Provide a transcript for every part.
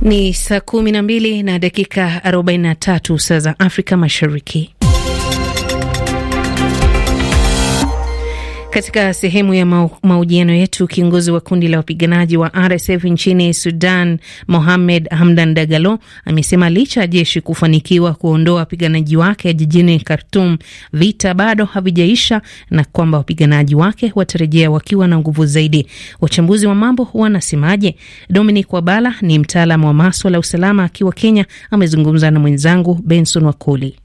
Ni saa kumi na mbili na dakika 43 saa za Afrika Mashariki. Katika sehemu ya mahojiano yetu, kiongozi wa kundi la wapiganaji wa RSF nchini Sudan, Mohamed Hamdan Dagalo, amesema licha ya jeshi kufanikiwa kuondoa wapiganaji wake jijini Khartum, vita bado havijaisha na kwamba wapiganaji wake watarejea wakiwa na nguvu zaidi. Wachambuzi wa mambo wanasemaje? Dominic Wabala ni mtaalamu wa maswala ya usalama akiwa Kenya, amezungumza na mwenzangu Benson Wakoli.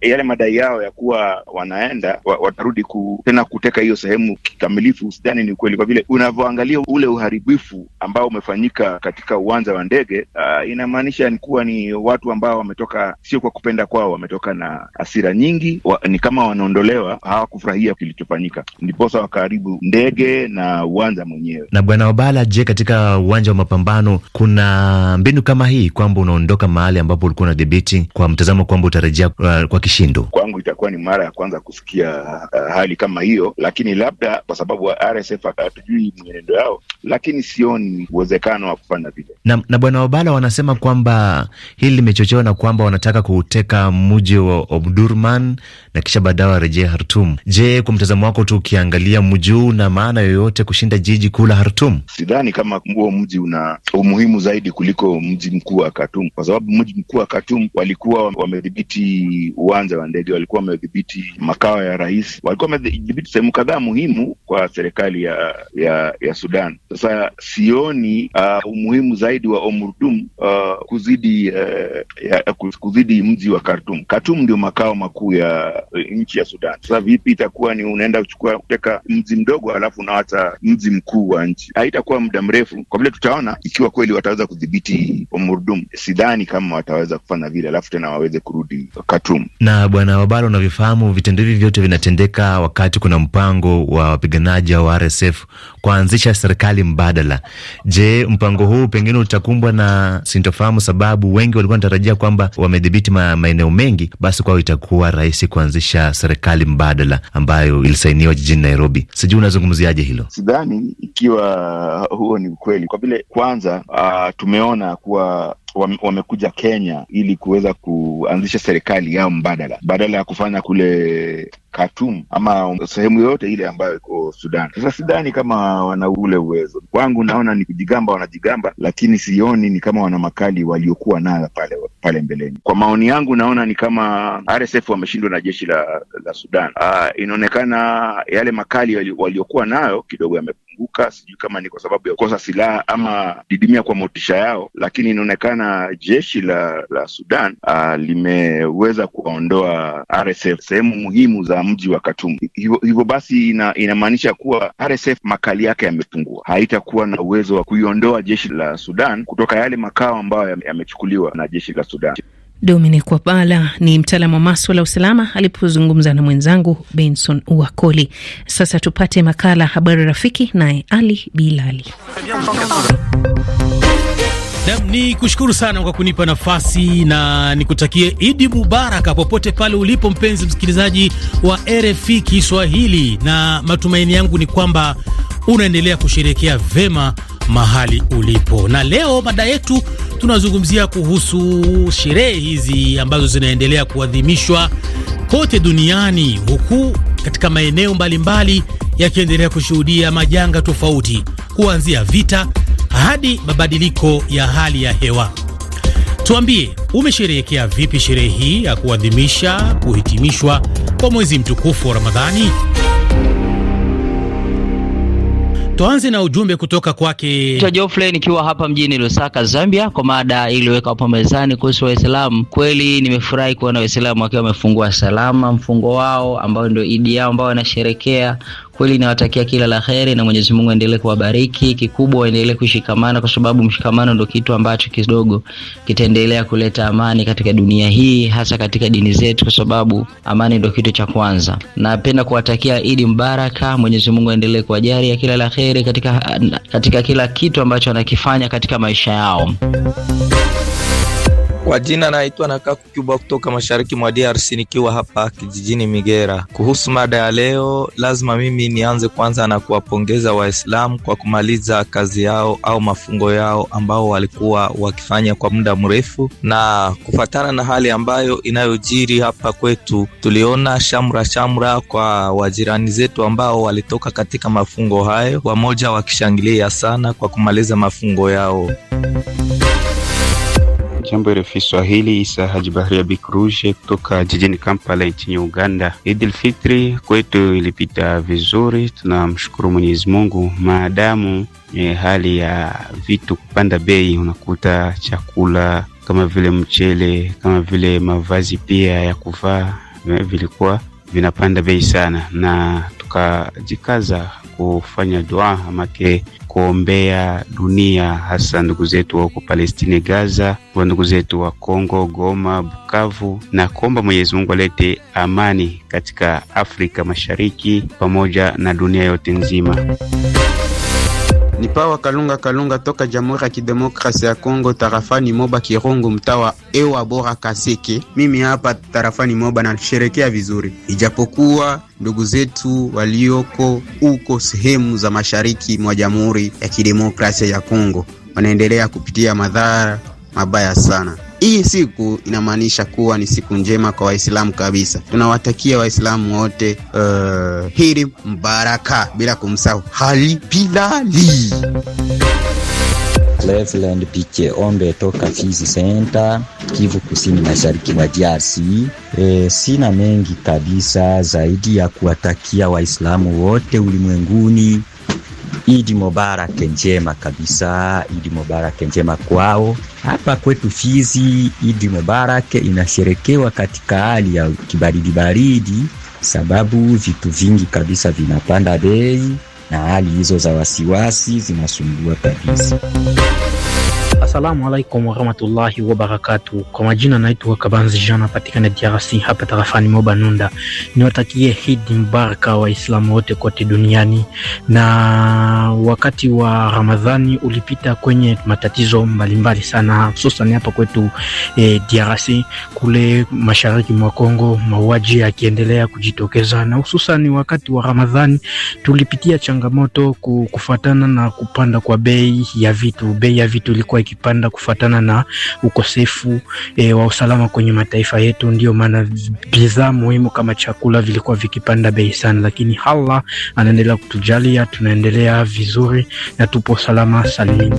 Eh, yale madai yao ya kuwa wanaenda watarudi ku, tena kuteka hiyo sehemu kikamilifu, sidhani ni kweli, kwa vile unavyoangalia ule uharibifu ambao umefanyika katika uwanja wa ndege uh, inamaanisha ni kuwa ni watu ambao wametoka, sio kwa kupenda kwao, wametoka na hasira nyingi wa, ni kama wanaondolewa, hawakufurahia kilichofanyika, ndiposa wakaharibu ndege na uwanja mwenyewe. Na bwana Obala, je, katika uwanja wa mapambano kuna mbinu kama hii kwamba unaondoka mahali ambapo ulikuwa unadhibiti kwa mtazamo kwamba utarejea uh, kwa kishindo itakuwa ni mara ya kwanza kusikia uh, hali kama hiyo, lakini labda kwa sababu RSF hatujui mwenendo yao, lakini sioni uwezekano wa kufanya vile. Na, na bwana Obala wanasema kwamba hili limechochewa na kwamba wanataka kuuteka mji wa Omdurman na kisha baadaye warejee Hartum. Je, kwa mtazamo wako tu ukiangalia mji huu una maana yoyote kushinda jiji kuu la Hartum? Sidhani kama huo mji una umuhimu zaidi kuliko mji mkuu wa katum kwa sababu mji mkuu wa katum walikuwa wamedhibiti uwanja wa ndege, walikuwa walikuwa wamedhibiti makao ya rais, walikuwa wamedhibiti sehemu kadhaa muhimu kwa serikali ya ya, ya Sudan. Sasa sioni uh, umuhimu zaidi wa Omurdum uh, kuzidi uh, ya, kuzidi mji wa Khartum. Khartum ndio makao makuu ya uh, nchi ya Sudan. Sasa vipi itakuwa ni unaenda kuchukua kuteka mji mdogo alafu unawacha mji mkuu wa nchi? Haitakuwa muda mrefu kwa vile tutaona ikiwa kweli wataweza kudhibiti Omurdum. Sidhani kama wataweza kufanya vile, alafu tena waweze kurudi Khartum. na bwana ambalo unavifahamu vitendo hivi vyote vinatendeka wakati kuna mpango wa wapiganaji wa RSF kuanzisha serikali mbadala. Je, mpango huu pengine utakumbwa na sintofahamu, sababu wengi walikuwa wanatarajia kwamba wamedhibiti maeneo mengi, basi kwao itakuwa rahisi kuanzisha serikali mbadala ambayo ilisainiwa jijini Nairobi. Sijui unazungumziaje hilo? Sidhani ikiwa huo ni ukweli, kwa vile kwanza, uh, tumeona kuwa wamekuja Kenya ili kuweza kuanzisha serikali yao mbadala badala ya kufanya kule Khartoum ama sehemu yoyote ile ambayo iko Sudan. Sasa sidhani kama wana ule uwezo, kwangu naona ni kujigamba, wanajigamba, lakini sioni ni kama wana makali waliokuwa nayo pale pale mbeleni. Kwa maoni yangu, naona ni kama RSF wameshindwa na jeshi la, la Sudan. Ah, inaonekana yale makali waliokuwa nayo kidogo yame wameanguka, sijui kama ni kwa sababu ya kukosa silaha ama didimia kwa motisha yao, lakini inaonekana jeshi la la Sudan uh, limeweza kuwaondoa RSF sehemu muhimu za mji wa katumu Hivyo basi ina, inamaanisha kuwa RSF makali yake yamepungua, haitakuwa na uwezo wa kuiondoa jeshi la Sudan kutoka yale makao ambayo yamechukuliwa na jeshi la Sudan. Dominic Wabala ni mtaalamu wa maswala ya usalama alipozungumza na mwenzangu Benson Wakoli. Sasa tupate makala Habari Rafiki naye Ali Bilali. Nam ni kushukuru sana kwa kunipa nafasi na nikutakie Idi Mubaraka popote pale ulipo, mpenzi msikilizaji wa RFI Kiswahili, na matumaini yangu ni kwamba unaendelea kusherehekea vema mahali ulipo. Na leo mada yetu tunazungumzia kuhusu sherehe hizi ambazo zinaendelea kuadhimishwa kote duniani, huku katika maeneo mbalimbali yakiendelea kushuhudia majanga tofauti, kuanzia vita hadi mabadiliko ya hali ya hewa. Tuambie, umesherehekea vipi sherehe hii ya kuadhimisha kuhitimishwa kwa mwezi mtukufu wa Ramadhani? Tuanze na ujumbe kutoka kwake Geoffrey nikiwa hapa mjini Lusaka, Zambia, kwa mada iliyoweka hapo mezani kuhusu Waislamu. Kweli nimefurahi kuona Waislamu wakiwa wamefungua salama mfungo wao ambao ndio Idi yao ambao wanasherekea Kweli nawatakia kila la heri na Mwenyezi Mungu aendelee kuwabariki. Kikubwa waendelee kushikamana, kwa sababu mshikamano ndio kitu ambacho kidogo kitaendelea kuleta amani katika dunia hii, hasa katika dini zetu, kwa sababu amani ndio kitu cha kwanza. Napenda kuwatakia Idi mbaraka, Mwenyezi Mungu aendelee kuwajalia kila la heri katika, katika kila kitu ambacho anakifanya katika maisha yao. Kwa jina naitwa Nakaku Kubwa kutoka mashariki mwa DRC nikiwa hapa kijijini Migera. Kuhusu mada ya leo, lazima mimi nianze kwanza na kuwapongeza Waislamu kwa kumaliza kazi yao au mafungo yao ambao walikuwa wakifanya kwa muda mrefu, na kufatana na hali ambayo inayojiri hapa kwetu, tuliona shamra shamra kwa wajirani zetu ambao walitoka katika mafungo hayo, wamoja wakishangilia sana kwa kumaliza mafungo yao. Jambo refi Swahili, Isa Haji Bahria Bikruje kutoka jijini Kampala nchini Uganda. Idil Fitri kwetu ilipita vizuri, tunamshukuru Mwenyezi Mungu maadamu eh, hali ya vitu kupanda bei, unakuta chakula kama vile mchele, kama vile mavazi pia ya kuvaa eh, vilikuwa vinapanda bei sana, na tukajikaza kufanya dua amake kuombea dunia, hasa ndugu zetu wa huko Gaza, wa ndugu zetu wa Kongo, Goma, Bukavu, na kuomba Mwenyezi Mungu alete amani katika Afrika Mashariki pamoja na dunia yote nzima. Ni pawa Kalunga Kalunga toka Jamhuri ya kidemokrasi ya Kongo, tarafani Moba Kirungu, mtawa ewa bora Kaseke. Mimi hapa tarafani Moba nasherekea vizuri, ijapokuwa ndugu zetu walioko huko sehemu za mashariki mwa Jamhuri ya Kidemokrasia ya Kongo wanaendelea kupitia madhara mabaya sana. Hii siku inamaanisha kuwa ni siku njema kwa Waislamu kabisa. Tunawatakia Waislamu wote uh, heri mbaraka, bila kumsahau halipilali Cleveland Piche Ombe toka Fizi Senta, Kivu Kusini, mashariki mwa DRC. E, sina mengi kabisa zaidi ya kuwatakia Waislamu wote ulimwenguni Idi Mubarak njema kabisa, Idi Mubarak njema kwao. Hapa kwetu Fizi, Idi Mubarak inasherekewa katika hali ya kibaridi baridi, sababu vitu vingi kabisa vinapanda bei na hali hizo za wasiwasi zinasumbua kabisa. Asalamu alaikum warahmatullahi wabarakatu. Kwa majina naitwa Kabanzi Jean, napatikana DRC hapa tarafani Mobanunda. Niwatakie hidi mbaraka Waislamu wote kote duniani. Na wakati wa Ramadhani ulipita kwenye matatizo mbalimbali mbali sana, hususan hapa kwetu e, DRC kule mashariki mwa Kongo, mauaji yakiendelea kujitokeza, na hususan wakati wa Ramadhani tulipitia changamoto kufuatana na kupanda kwa bei ya vitu. Bei ya vitu ilikuwa ikipanda kufuatana na ukosefu e, wa usalama kwenye mataifa yetu. Ndio maana bidhaa muhimu kama chakula vilikuwa vikipanda bei sana, lakini Allah anaendelea kutujalia, tunaendelea vizuri na tupo salama salimini.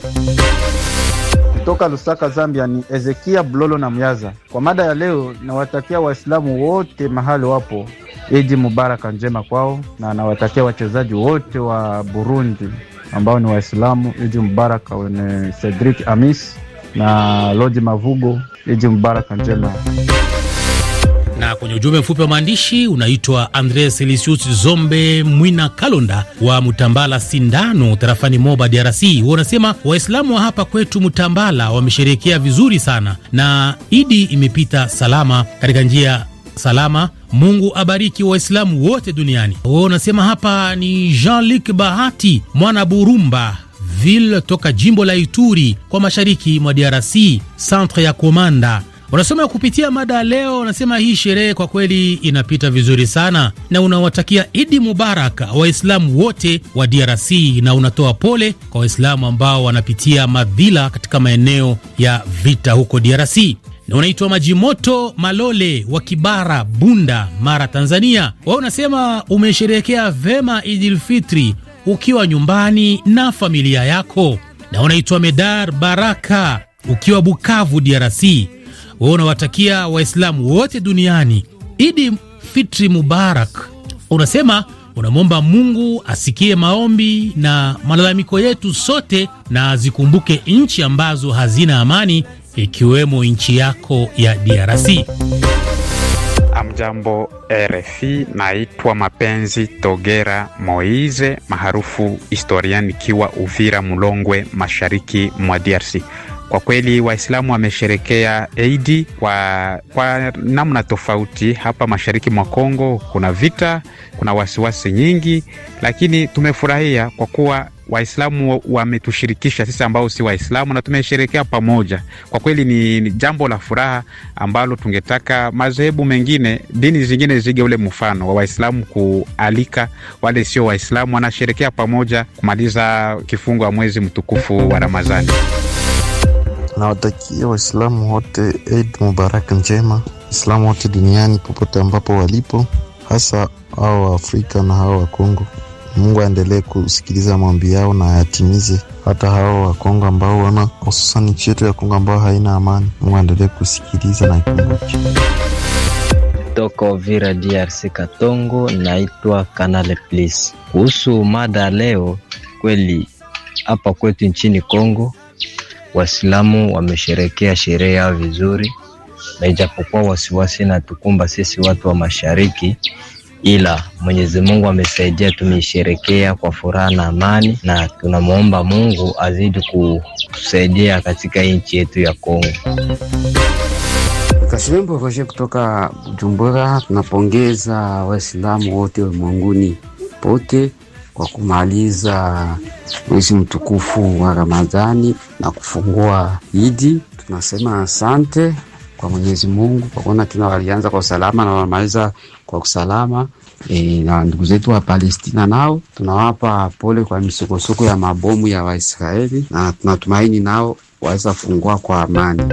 Kutoka Lusaka, Zambia ni Ezekia Blolo na Myaza. Kwa mada ya leo, nawatakia Waislamu wote mahali wapo Idi mubaraka njema kwao, na nawatakia wachezaji wote wa Burundi ambao ni Waislamu, Idi mbaraka wenye Cedric Amis na Lodi Mavugo. Idi mbaraka njema. Na kwenye ujumbe mfupi wa maandishi unaitwa andre Selisius Zombe Mwina Kalonda wa Mtambala Sindano, tarafani Moba, DRC. Huo unasema Waislamu wa hapa kwetu Mtambala wamesherehekea vizuri sana na Idi imepita salama katika njia salama. Mungu abariki Waislamu wote duniani. Wewe unasema hapa ni Jean-Luc Bahati mwana Burumba ville toka jimbo la Ituri kwa mashariki mwa DRC centre ya Komanda. Unasoma kupitia mada leo, unasema hii sherehe kwa kweli inapita vizuri sana, na unawatakia Idi Mubaraka Waislamu wote wa DRC, na unatoa pole kwa Waislamu ambao wanapitia madhila katika maeneo ya vita huko DRC unaitwa Majimoto Malole wa Kibara, Bunda, Mara, Tanzania. Wao unasema umesherehekea vema Idil Fitri ukiwa nyumbani na familia yako, na unaitwa Medar Baraka ukiwa Bukavu, DRC. Wao unawatakia Waislamu wote duniani Idi Fitri Mubarak. Unasema unamwomba Mungu asikie maombi na malalamiko yetu sote, na azikumbuke nchi ambazo hazina amani ikiwemo nchi yako ya DRC. Amjambo RFI, naitwa Mapenzi Togera Moize maarufu historia, nikiwa Uvira Mlongwe, mashariki mwa DRC. Kwa kweli Waislamu wamesherekea Eidi kwa, kwa namna tofauti. Hapa mashariki mwa Kongo kuna vita, kuna wasiwasi nyingi, lakini tumefurahia kwa kuwa Waislamu wametushirikisha sisi ambao si Waislamu na tumesherekea pamoja. Kwa kweli ni, ni jambo la furaha ambalo tungetaka madhehebu mengine, dini zingine zige ule mfano wa Waislamu kualika wale sio Waislamu wanasherekea pamoja kumaliza kifungo wa mwezi mtukufu wa Ramadhani. Nawatakia Waislamu wote Eid Mubarak njema, Waislamu wote duniani popote ambapo walipo, hasa hao wa Afrika na hao wa Kongo. Mungu aendelee kusikiliza maombi yao na ayatimize, hata hao Wakongo ambao wana hususan nchi yetu ya Kongo ambao haina amani. Mungu aendelee kusikiliza na kumbuka Toka Vira DRC Katongo, naitwa Kanale Please. Kuhusu mada leo, kweli hapa kwetu nchini Kongo Waislamu wamesherekea sherehe yao vizuri, na ijapokuwa wasiwasi na tukumba sisi watu wa mashariki, ila Mwenyezi Mungu amesaidia, tumeisherekea kwa furaha na amani, na tunamwomba Mungu azidi kusaidia katika nchi yetu ya Kongo. Kashilembo Roje kutoka Bujumbura. Tunapongeza Waislamu wote ulimwenguni pote kwa kumaliza mwezi mtukufu wa Ramadhani na kufungua Idi. Tunasema asante kwa Mwenyezi Mungu kwa kuona tuna walianza kwa usalama na wanamaliza kwa usalama. E, na ndugu zetu wa Palestina nao tunawapa pole kwa misukosuko ya mabomu ya Waisraeli, na tunatumaini nao waweza fungua kwa amani.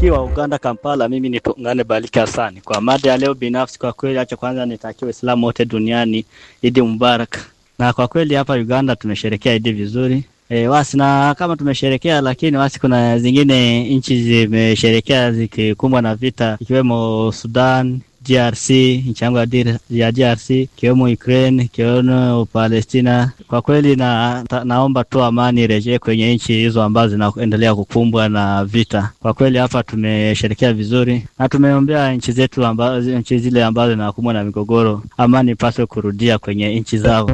Kiwa Uganda Kampala, mimi ni Tungane Baliki Hasani kwa mada ya leo binafsi. Kwa kweli, acha kwanza nitakie Waislamu wote duniani Idi Mubarak, na kwa kweli hapa Uganda tumesherekea Idi vizuri E, wasi na kama tumesherekea, lakini wasi kuna zingine nchi zimesherekea zikikumbwa na vita, ikiwemo Sudan, DRC, nchi yangu ya DRC, ikiwemo Ukraine, ikiwemo Palestina. Kwa kweli na, ta, naomba tu amani irejee kwenye nchi hizo ambazo zinaendelea kukumbwa na vita. Kwa kweli hapa tumesherekea vizuri na tumeombea nchi zetu ambazo, nchi zile ambazo zinakumbwa na migogoro, amani ipaswe kurudia kwenye nchi zao.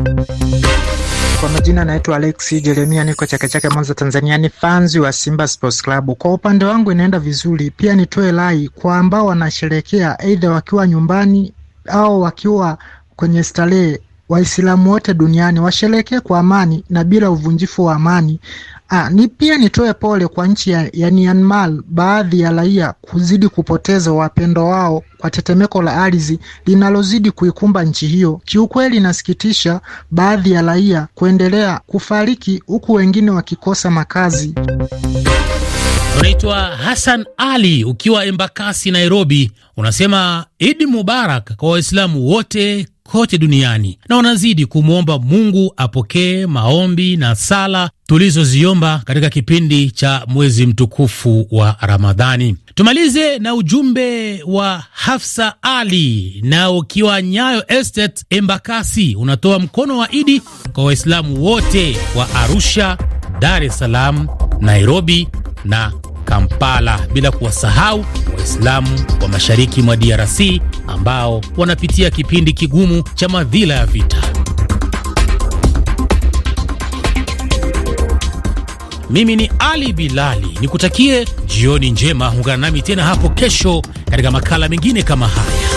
Kwa majina naitwa Alex Jeremia, niko Chake Chake, Mwanza, Tanzania. Ni fanzi wa Simba Sports Club. Kwa upande wangu inaenda vizuri. Pia nitoe rai kwa ambao wanasherekea aidha wakiwa nyumbani au wakiwa kwenye starehe. Waislamu wote duniani washerekee kwa amani na bila uvunjifu wa amani. Ah, ni pia nitoe pole kwa nchi ya, ya Myanmar baadhi ya raia kuzidi kupoteza wapendo wao kwa tetemeko la ardhi linalozidi kuikumba nchi hiyo. Kiukweli inasikitisha baadhi ya raia kuendelea kufariki huku wengine wakikosa makazi. Unaitwa Hassan Ali ukiwa Embakasi Nairobi, unasema Idi Mubarak kwa Waislamu wote kote duniani na wanazidi kumwomba Mungu apokee maombi na sala tulizoziomba katika kipindi cha mwezi mtukufu wa Ramadhani. Tumalize na ujumbe wa Hafsa Ali na ukiwa Nyayo Estate Embakasi, unatoa mkono wa Idi kwa Waislamu wote wa Arusha, Dar es Salaam, Nairobi na Kampala, bila kuwasahau Waislamu wa mashariki mwa DRC ambao wanapitia kipindi kigumu cha madhila ya vita. Mimi ni Ali Bilali, nikutakie jioni njema. Ungana nami tena hapo kesho katika makala mengine kama haya.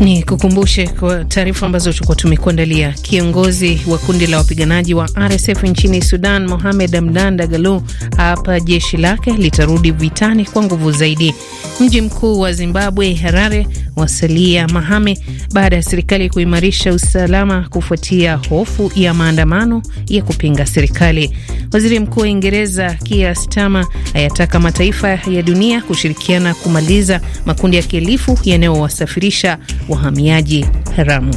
Ni kukumbushe kwa taarifa ambazo tulikuwa tumekuandalia. Kiongozi wa kundi la wapiganaji wa RSF nchini Sudan, Mohamed Hamdan Dagalo, hapa jeshi lake litarudi vitani kwa nguvu zaidi. Mji mkuu wa Zimbabwe, Harare, wasalia mahame baada ya serikali kuimarisha usalama kufuatia hofu ya maandamano ya kupinga serikali. Waziri Mkuu wa Uingereza Keir Starmer ayataka mataifa ya dunia kushirikiana kumaliza makundi ya kielifu yanayowasafirisha wahamiaji haramu.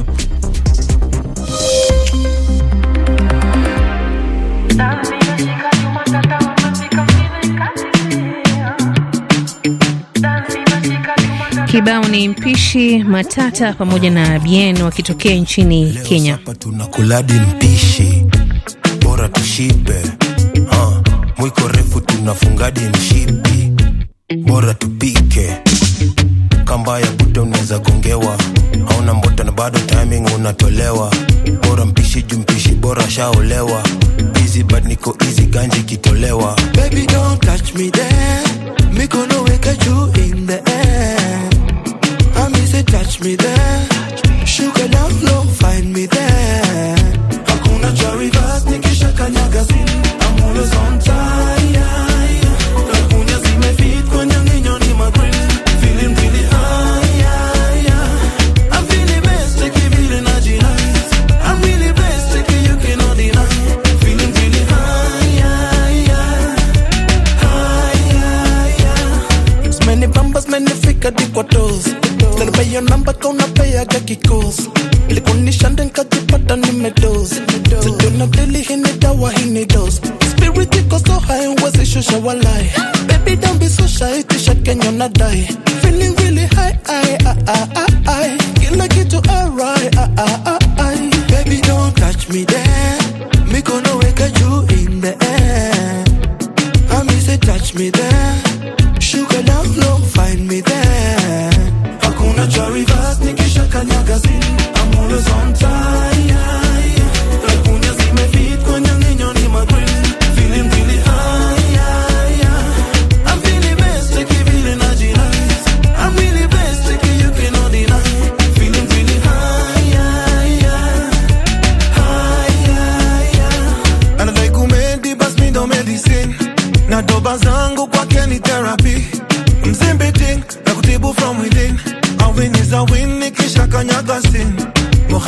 Kibao ni mpishi matata pamoja na Bien wakitokea nchini Leo Kenya. Hapa tunakuladi mpishi bora tushibe, ah, mwiko refu tunafungadi mshipi bora tupike mbaya kute unaweza kongewa hauna mbota na bado timing unatolewa bora mpishi jumpishi bora shaolewa easy but niko easy ganji kitolewa baby don't touch me there mikono weka juu in the air amisi touch me there sugar down low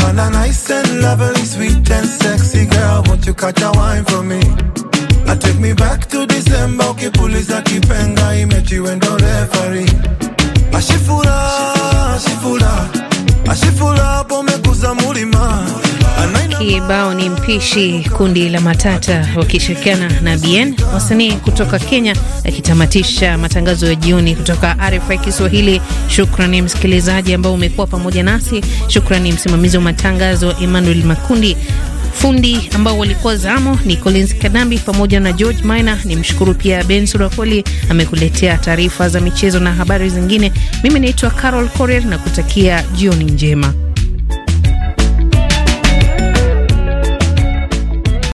man a nice and lovely, sweet and sexy girl. Won't you catch a wine for me? I take me back to December, police are keeping I met ukipuliza kipenga imechiwendo refari. Ashifura, ashifura, ashifura pomekuza mulima. Kibao ni mpishi, kundi la Matata wakishirikiana na Bien, wasanii kutoka Kenya, akitamatisha matangazo ya jioni kutoka RFI Kiswahili. Shukrani msikilizaji ambao umekuwa pamoja nasi. Shukrani msimamizi wa matangazo Emmanuel Makundi, fundi ambao walikuwa zamo ni Collins Kadambi pamoja na George Maina. Ni mshukuru pia Ben Surakoli amekuletea taarifa za michezo na habari zingine. Mimi naitwa Carol corer na kutakia jioni njema.